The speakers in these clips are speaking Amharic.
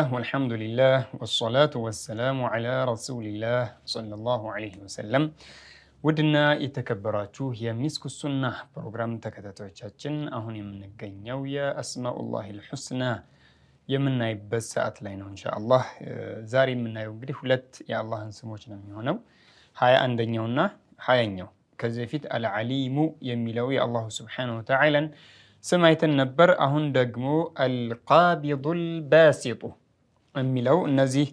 ቢስሚላህ ወልሐምዱሊላህ ወሰላቱ ወሰላሙ ዐላ ረሱሊላህ ሰለላሁ ዐለይሂ ወሰለም። ውድና የተከበራችሁ የሚስኩ ሱና ፕሮግራም ተከታታዮቻችን አሁን የምንገኘው የአስማኡላሂል ሑስና የምናይበት ሰዓት ላይ ነው ኢንሻአላህ። ዛሬ የምናየው እንግዲህ ሁለት የአላህን ስሞች ነው የሚሆነው ሀያ አንደኛውና ሀያኛው። ከዚህ በፊት አልዓሊሙ የሚለው የአላሁ ስብሓነሁ ወተዓላን ስም አይተን ነበር። አሁን ደግሞ አልቃቢዱል ባሲጡ የሚለው እነዚህ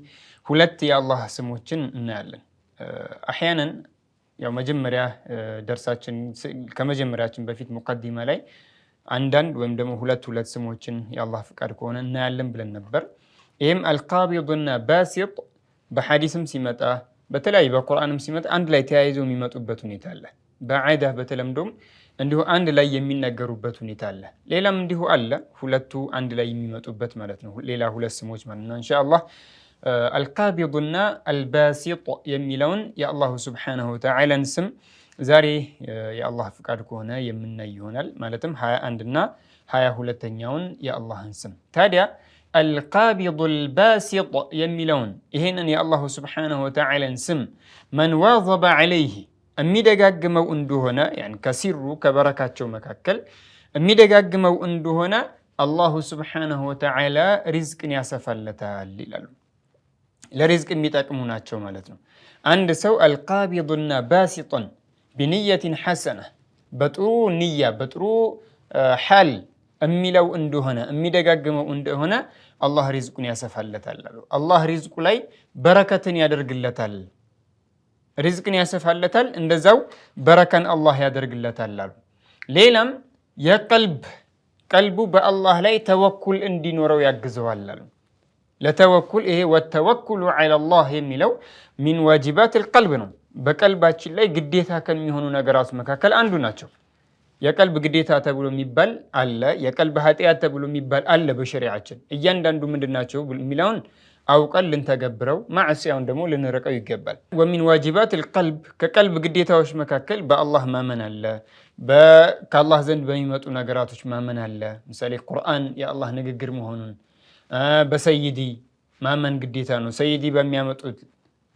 ሁለት የአላህ ስሞችን እናያለን። አሕያንን ያው መጀመሪያ ደርሳችን ከመጀመሪያችን በፊት ሙቀዲማ ላይ አንዳንድ ወይም ደግሞ ሁለት ሁለት ስሞችን የአላህ ፍቃድ ከሆነ እናያለን ብለን ነበር። ይህም አልቃቢድና ባሲጥ በሐዲስም ሲመጣ በተለያዩ በቁርአንም ሲመጣ አንድ ላይ ተያይዘው የሚመጡበት ሁኔታ አለ። በዓዳ በተለምዶም እንዲሁ አንድ ላይ የሚነገሩበት ሁኔታ አለ። ሌላም እንዲሁ አለ። ሁለቱ አንድ ላይ የሚመጡበት ማለት ነው። ሌላ ሁለት ስሞች ማለት ነው። ኢንሻአላህ አልቃቢዱና አልባሲጥ የሚለውን የአላሁ ስብሓነሁ ወተዓላን ስም ዛሬ የአላህ ፍቃድ ከሆነ የምናይ ይሆናል። ማለትም ሀያ አንድና ሀያ ሁለተኛውን የአላህን ስም ታዲያ አልቃቢዱ አልባሲጥ የሚለውን ይህንን የአላሁ ስብሓነሁ ወተዓላን ስም መን ዋዘበ ዓለይህ የሚደጋግመው እንደሆነ ከሲሩ ከበረካቸው መካከል የሚደጋግመው እንደሆነ አላሁ ስብሓነሁ ወተዓላ ሪዝቅን ያሰፋለታል ይላሉ። ለሪዝቅ የሚጠቅሙ ናቸው ማለት ነው። አንድ ሰው አልቃቢዱና ባሲጦን ብንየትን ሐሰና በጥሩ ንያ በጥሩ ሓል የሚለው እንደሆነ የሚደጋግመው እንደሆነ አላህ ሪዝቁን ያሰፋለታል አሉ። አላህ ሪዝቁ ላይ በረከትን ያደርግለታል። ሪዝቅን ያሰፋለታል፣ እንደዛው በረካን አላህ ያደርግለታል አሉ። ሌላም የቀልብ ቀልቡ በአላህ ላይ ተወኩል እንዲኖረው ያግዘዋል አሉ። ለተወኩል ይሄ ወተወኩሉ ዐለላህ የሚለው ሚን ዋጅባት ልቀልብ ነው። በቀልባችን ላይ ግዴታ ከሚሆኑ ነገራት መካከል አንዱ ናቸው። የቀልብ ግዴታ ተብሎ የሚባል አለ፣ የቀልብ ኃጢአት ተብሎ የሚባል አለ። በሸሪዓችን እያንዳንዱ ምንድናቸው የሚለውን አውቀን ልንተገብረው ማዕስያውን ደግሞ ልንርቀው ይገባል። ወሚን ዋጅባት ልቀልብ ከቀልብ ግዴታዎች መካከል በአላህ ማመን አለ፣ ከአላህ ዘንድ በሚመጡ ነገራቶች ማመን አለ። ምሳሌ ቁርአን የአላህ ንግግር መሆኑን በሰይዲ ማመን ግዴታ ነው። ሰይዲ በሚያመጡት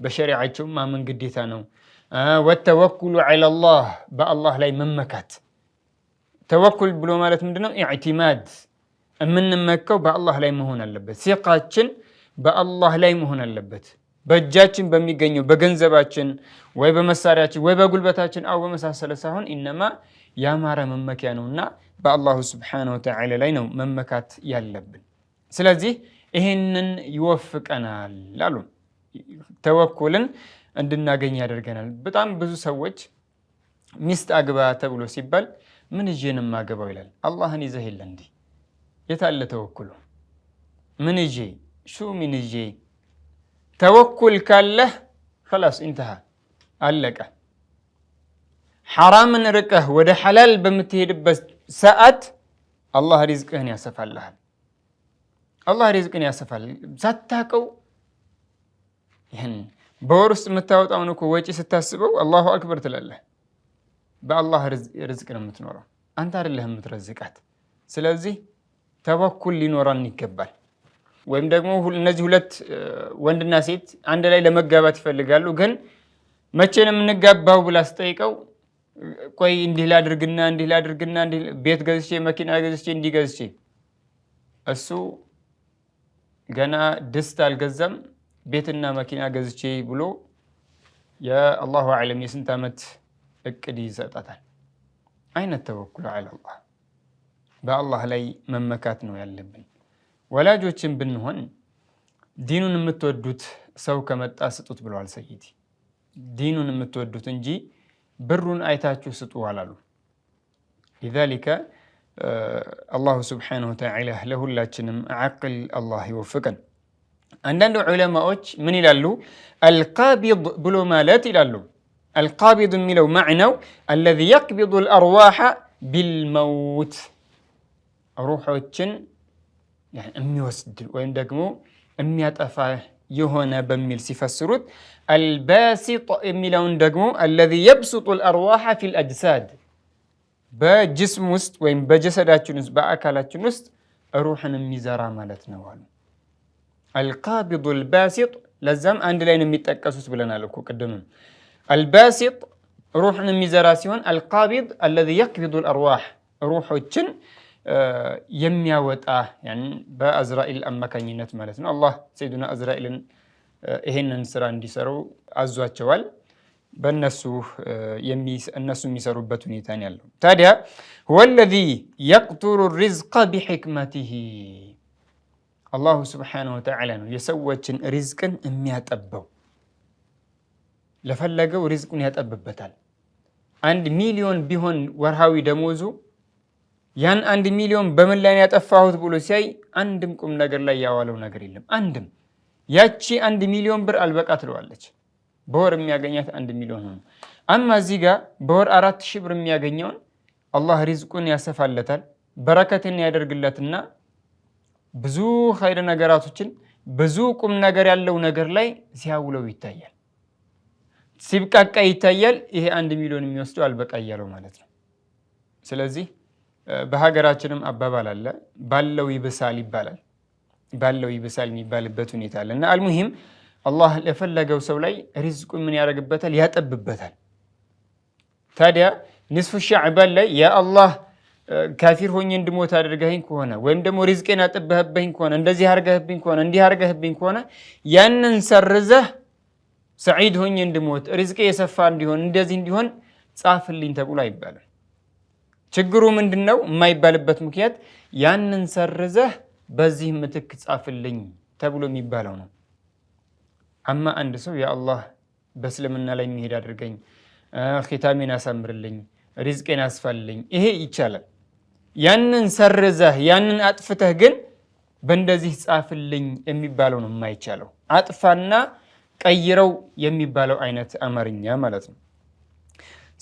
በሸሪዓቸው ማመን ግዴታ ነው። ወተወኩሉ ዐለላህ በአላህ ላይ መመካት። ተወኩል ብሎ ማለት ምንድነው? ኢዕቲማድ የምንመካው በአላህ ላይ መሆን አለበት ሲቃችን በአላህ ላይ መሆን አለበት። በእጃችን በሚገኘው በገንዘባችን ወይ በመሳሪያችን ወይ በጉልበታችን አው በመሳሰለ ሳይሆን ኢነማ ያማረ መመኪያ ነውና በአላሁ ስብሓነሁ ወተዓላ ላይ ነው መመካት ያለብን። ስለዚህ ይህንን ይወፍቀናል ላሉ ተወኩልን እንድናገኝ ያደርገናል። በጣም ብዙ ሰዎች ሚስት አግባ ተብሎ ሲባል ምን ይዤንም ማገባው ይላል። አላህን ይዘህ የለ እንዲህ የታለ ተወኩሉ ምን ይዤ ሹሚንዬ ተወኩል ካለህ ከላስ ኢንተሃ አለቀ። ሐራምን ርቀህ ወደ ሐላል በምትሄድበት ሰዓት አላህ ሪዝቅህን ያሰፋልሃል። አላህ ሪዝቅህን ያሰፋል። ሳታቀው ይህን በወር ውስጥ የምታወጣውን እኮ ወጪ ስታስበው አላሁ አክበር ትላለህ። በአላህ ርዝቅ ነው የምትኖረው፣ አንተ አይደለህ የምትረዝቃት። ስለዚህ ተበኩል ሊኖራን ይገባል። ወይም ደግሞ እነዚህ ሁለት ወንድና ሴት አንድ ላይ ለመጋባት ይፈልጋሉ። ግን መቼ ነው የምንጋባው ብላ ስጠይቀው ቆይ እንዲህ ላድርግና እንዲህ ላድርግና ቤት ገዝቼ መኪና ገዝቼ እንዲህ ገዝቼ እሱ ገና ድስት አልገዛም ቤትና መኪና ገዝቼ ብሎ የአላሁ አለም የስንት ዓመት እቅድ ይሰጣታል። አይነት ተወኩል አላ በአላህ ላይ መመካት ነው ያለብን። ወላጆችን ብንሆን ዲኑን የምትወዱት ሰው ከመጣ ስጡት ብለዋል ሰይዲ። ዲኑን የምትወዱት እንጂ ብሩን አይታችሁ ስጡ አላሉ። ሊዛሊከ አላሁ ስብሓነሁ ወተዓላ ለሁላችንም ዓቅል አላህ ይወፍቀን። አንዳንድ ዑለማዎች ምን ይላሉ? አልቃቢድ ብሎ ማለት ይላሉ። አልቃቢድ የሚለው ማዕናው አለዚ የቅቢዱ ልአርዋሐ ቢልመውት ሩሖችን የሚወስድ ወይም ደግሞ የሚያጠፋ የሆነ በሚል ሲፈስሩት አልባሲጥ የሚለውን ደግሞ አለዚ የብሱጡ አልአርዋሐ ፊል አጅሳድ በጅስም ውስጥ ወይም በጀሰዳችን ውስጥ በአካላችን ውስጥ ሩሕን የሚዘራ ማለት ነው አሉ። አልቃቢዱ አልባሲጥ። ለዛም አንድ ላይ ነው የሚጠቀሱት ብለናል እኮ ቅድምም። አልባሲጥ ሩሕን የሚዘራ ሲሆን አልቃቢድ አለዚ የቅቢዱ አልአርዋሕ ሩሖችን የሚያወጣ በአዝራኤል አማካኝነት ማለት ነው። አላህ ሰይዱና አዝራኤልን ይሄንን ስራ እንዲሰሩ አዟቸዋል። በእነሱ እነሱ የሚሰሩበት ሁኔታ ነው ያለው። ታዲያ ወለዚ የቅቱሩ ሪዝቀ ቢሕክመቲሂ አላሁ ስብሓነሁ ወተዓላ ነው የሰዎችን ሪዝቅን የሚያጠበው። ለፈለገው ሪዝቁን ያጠብበታል። አንድ ሚሊዮን ቢሆን ወርሃዊ ደሞዙ ያን አንድ ሚሊዮን በምን ላይ ያጠፋሁት ብሎ ሲያይ አንድም ቁም ነገር ላይ ያዋለው ነገር የለም። አንድም ያቺ አንድ ሚሊዮን ብር አልበቃ ትለዋለች። በወር የሚያገኛት አንድ ሚሊዮን ሆኖ አማ እዚህ ጋር በወር አራት ሺህ ብር የሚያገኘውን አላህ ሪዝቁን ያሰፋለታል፣ በረከትን ያደርግለትና ብዙ ኸይር ነገራቶችን ብዙ ቁም ነገር ያለው ነገር ላይ ሲያውለው ይታያል፣ ሲብቃቃ ይታያል። ይሄ አንድ ሚሊዮን የሚወስደው አልበቃ እያለው ማለት ነው። ስለዚህ በሀገራችንም አባባል አለ፣ ባለው ይብሳል ይባላል። ባለው ይብሳል የሚባልበት ሁኔታ አለ እና አልሙሂም አላህ ለፈለገው ሰው ላይ ሪዝቁ ምን ያደርግበታል? ያጠብበታል። ታዲያ ንስፍ ሻዕባን ላይ የአላህ ካፊር ሆኜ እንድሞት አድርገኝ ከሆነ ወይም ደግሞ ሪዝቄን አጥብህብኝ ከሆነ እንደዚህ አርገህብኝ ከሆነ እንዲህ አርገህብኝ ከሆነ ያንን ሰርዘህ ሰዒድ ሆኜ እንድሞት ሪዝቄ የሰፋ እንዲሆን እንደዚህ እንዲሆን ጻፍልኝ ተብሎ አይባልም። ችግሩ ምንድን ነው? የማይባልበት ምክንያት ያንን ሰርዘህ በዚህ ምትክ ጻፍልኝ ተብሎ የሚባለው ነው። አማ አንድ ሰው የአላህ በእስልምና ላይ የሚሄድ አድርገኝ፣ ኪታሜን አሳምርልኝ፣ ሪዝቄን አስፋልኝ፣ ይሄ ይቻላል። ያንን ሰርዘህ ያንን አጥፍተህ ግን በእንደዚህ ጻፍልኝ የሚባለው ነው የማይቻለው። አጥፋና ቀይረው የሚባለው አይነት አማርኛ ማለት ነው።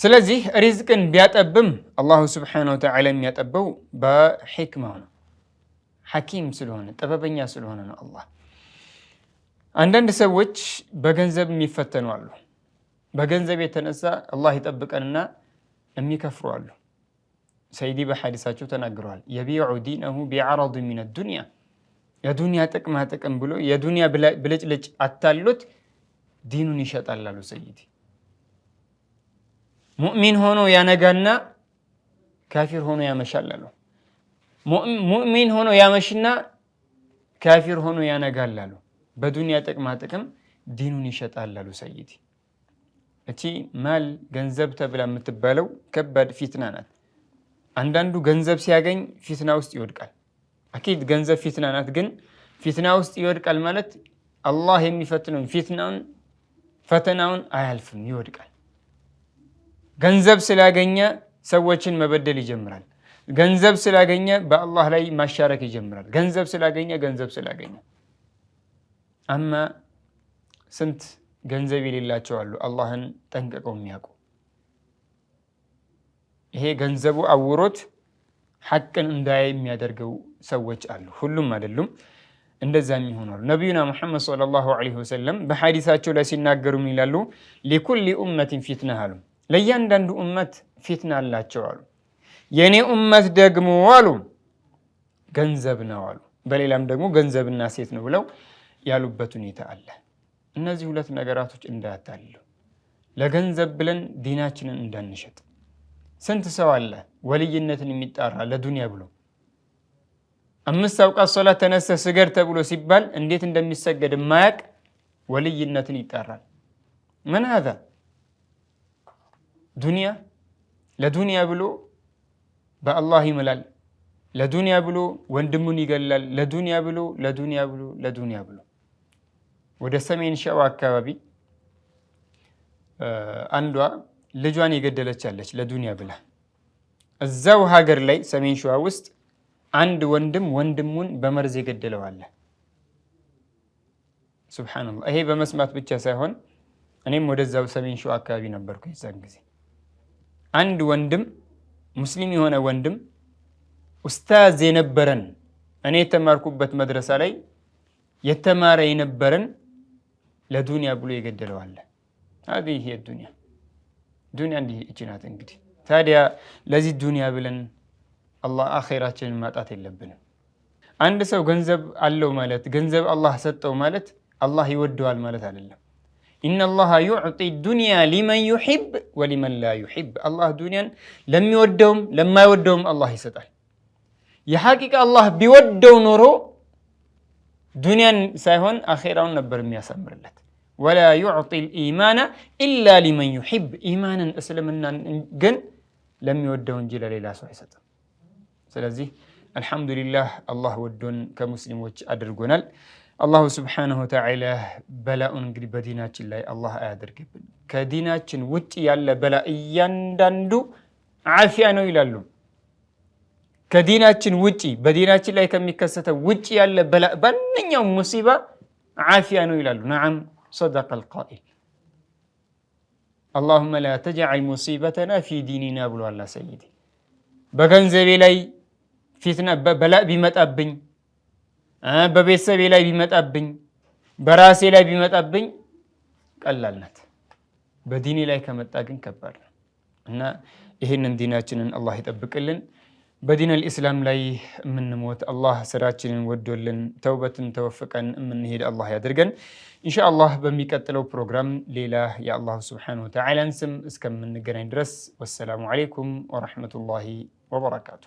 ስለዚህ ሪዝቅን ቢያጠብም አላሁ ስብሓነሁ ወተዓላ የሚያጠበው በሕክማው ነው። ሐኪም ስለሆነ ጥበበኛ ስለሆነ ነው። አላህ አንዳንድ ሰዎች በገንዘብ የሚፈተኑ አሉ። በገንዘብ የተነሳ አላህ ይጠብቀንና የሚከፍሩ አሉ። ሰይዲ በሐዲሳቸው ተናግረዋል። የቢዑ ዲነሁ ቢዐረድ ሚነ ዱንያ የዱንያ ጥቅማ ጥቅም ብሎ የዱንያ ብልጭልጭ አታሎት ዲኑን ይሸጣል አሉ ሰይዲ ሙእሚን ሆኖ ያነጋና ካፊር ሆኖ ያመሻል ሙእሚን ሆኖ ያመሽና ካፊር ሆኖ ያነጋላሉ በዱንያ ጥቅማ ጥቅም ዲኑን ይሸጣል አሉ። ሰይዲ ማል ገንዘብ ተብላ የምትባለው ከባድ ፊትና ናት። አንዳንዱ ገንዘብ ሲያገኝ ፊትና ውስጥ ይወድቃል። አኪድ ገንዘብ ፊትና ናት። ግን ፊትና ውስጥ ይወድቃል ማለት አላህ የሚፈትነውን ፊትናውን ፈተናውን አያልፍም፣ ይወድቃል ገንዘብ ስላገኘ ሰዎችን መበደል ይጀምራል። ገንዘብ ስላገኘ በአላህ ላይ ማሻረክ ይጀምራል። ገንዘብ ስላገኘ ገንዘብ ስላገኘ አማ ስንት ገንዘብ የሌላቸው አሉ አላህን ጠንቅቀው የሚያውቁ ይሄ ገንዘቡ አውሮት ሐቅን እንዳይ የሚያደርገው ሰዎች አሉ። ሁሉም አይደሉም፣ እንደዛ የሚሆኑ ነቢዩና ሙሐመድ ሰለላሁ ዐለይሂ ወሰለም በሐዲሳቸው ላይ ሲናገሩ ይላሉ ሊኩሊ ኡመቲን ፊትና አሉም ለእያንዳንዱ እመት ፊትና አላቸው አሉ። የእኔ እመት ደግሞ አሉ ገንዘብ ነው አሉ። በሌላም ደግሞ ገንዘብና ሴት ነው ብለው ያሉበት ሁኔታ አለ። እነዚህ ሁለት ነገራቶች እንዳያታልሉ፣ ለገንዘብ ብለን ዲናችንን እንዳንሸጥ። ስንት ሰው አለ ወልይነትን የሚጣራ ለዱንያ ብሎ አምስት አውቃት ሶላት ተነሰ ስገድ ተብሎ ሲባል እንዴት እንደሚሰገድ ማያቅ ወልይነትን ይጣራል። ምን ዱንያ ለዱንያ ብሎ በአላህ ይምላል። ለዱንያ ብሎ ወንድሙን ይገላል። ለዱንያ ብሎ ለዱንያ ብሎ ለዱንያ ብሎ ወደ ሰሜን ሸዋ አካባቢ አንዷ ልጇን የገደለች ለዱንያ ብላ። እዛው ሀገር ላይ ሰሜን ሸዋ ውስጥ አንድ ወንድም ወንድሙን በመርዝ የገደለው አለ። ሱብሓነላህ። ይሄ በመስማት ብቻ ሳይሆን እኔም ወደዛው ሰሜን ሸዋ አካባቢ ነበርኩ የዛን ጊዜ አንድ ወንድም ሙስሊም የሆነ ወንድም ኡስታዝ የነበረን እኔ የተማርኩበት መድረሳ ላይ የተማረ የነበረን ለዱንያ ብሎ የገደለዋለ። ይሄ ዱንያ ዱንያ እንዲህ እችናት። እንግዲህ ታዲያ ለዚህ ዱንያ ብለን አላህ አኼራችንን ማጣት የለብንም። አንድ ሰው ገንዘብ አለው ማለት ገንዘብ አላህ ሰጠው ማለት አላህ ይወደዋል ማለት አይደለም። ኢነላሃ ዩዕጢ ዱንያ ሊመን ዩሂብ ወሊመን ላ ዩሂብ አላህ ዱንያን ለሚወደውም ለማይወደውም አላህ ይሰጣል። የሐቂቃ አላህ ቢወደው ኖሮ ዱንያን ሳይሆን አኼራውን ነበር የሚያሳምርለት። ወላ ዩዕጢ ልኢማና ኢላ ሊመን ዩሂብ ኢማንን እስልምናን ግን ለሚወደው እንጂ ለሌላ ሰው አይሰጥም። ስለዚህ አልሐምዱሊላህ አላህ ወዶን ከሙስሊሞች አድርጎናል። አላሁ ስብሓነሁ ወተዓላ በላኡን እንግዲህ በዲናችን ላይ አላህ አያደርግብን። ከዲናችን ውጭ ያለ በላ እያንዳንዱ ዓፊያ ነው ይላሉ። ከዲናችን ውጭ በዲናችን ላይ ከሚከሰተው ውጭ ያለ በላ በማንኛውም ሙሲባ ዓፊያ ነው ይላሉ። ነዓም ሰደቀል ቃኢል። አላሁመ ላ ተጅዐል ሙሲበተና ፊ ዲኒና ብሎ አላ ሰይዲ በገንዘቤ ላይ ፊትና በላ ቢመጣብኝ በቤተሰቤ ላይ ቢመጣብኝ፣ በራሴ ላይ ቢመጣብኝ ቀላል ናት። በዲኔ ላይ ከመጣ ግን ከባድ ነው እና ይህንን ዲናችንን አላህ ይጠብቅልን። በዲን አልኢስላም ላይ የምንሞት አላህ ስራችንን ወዶልን ተውበትን ተወፍቀን የምንሄድ አላህ ያድርገን። ኢንሻአላህ በሚቀጥለው ፕሮግራም ሌላ የአላህ ስብሓነሁ ወተዓላን ስም እስከምንገናኝ ድረስ ወሰላሙ ዓለይኩም ወረሕመቱላሂ ወበረካቱ።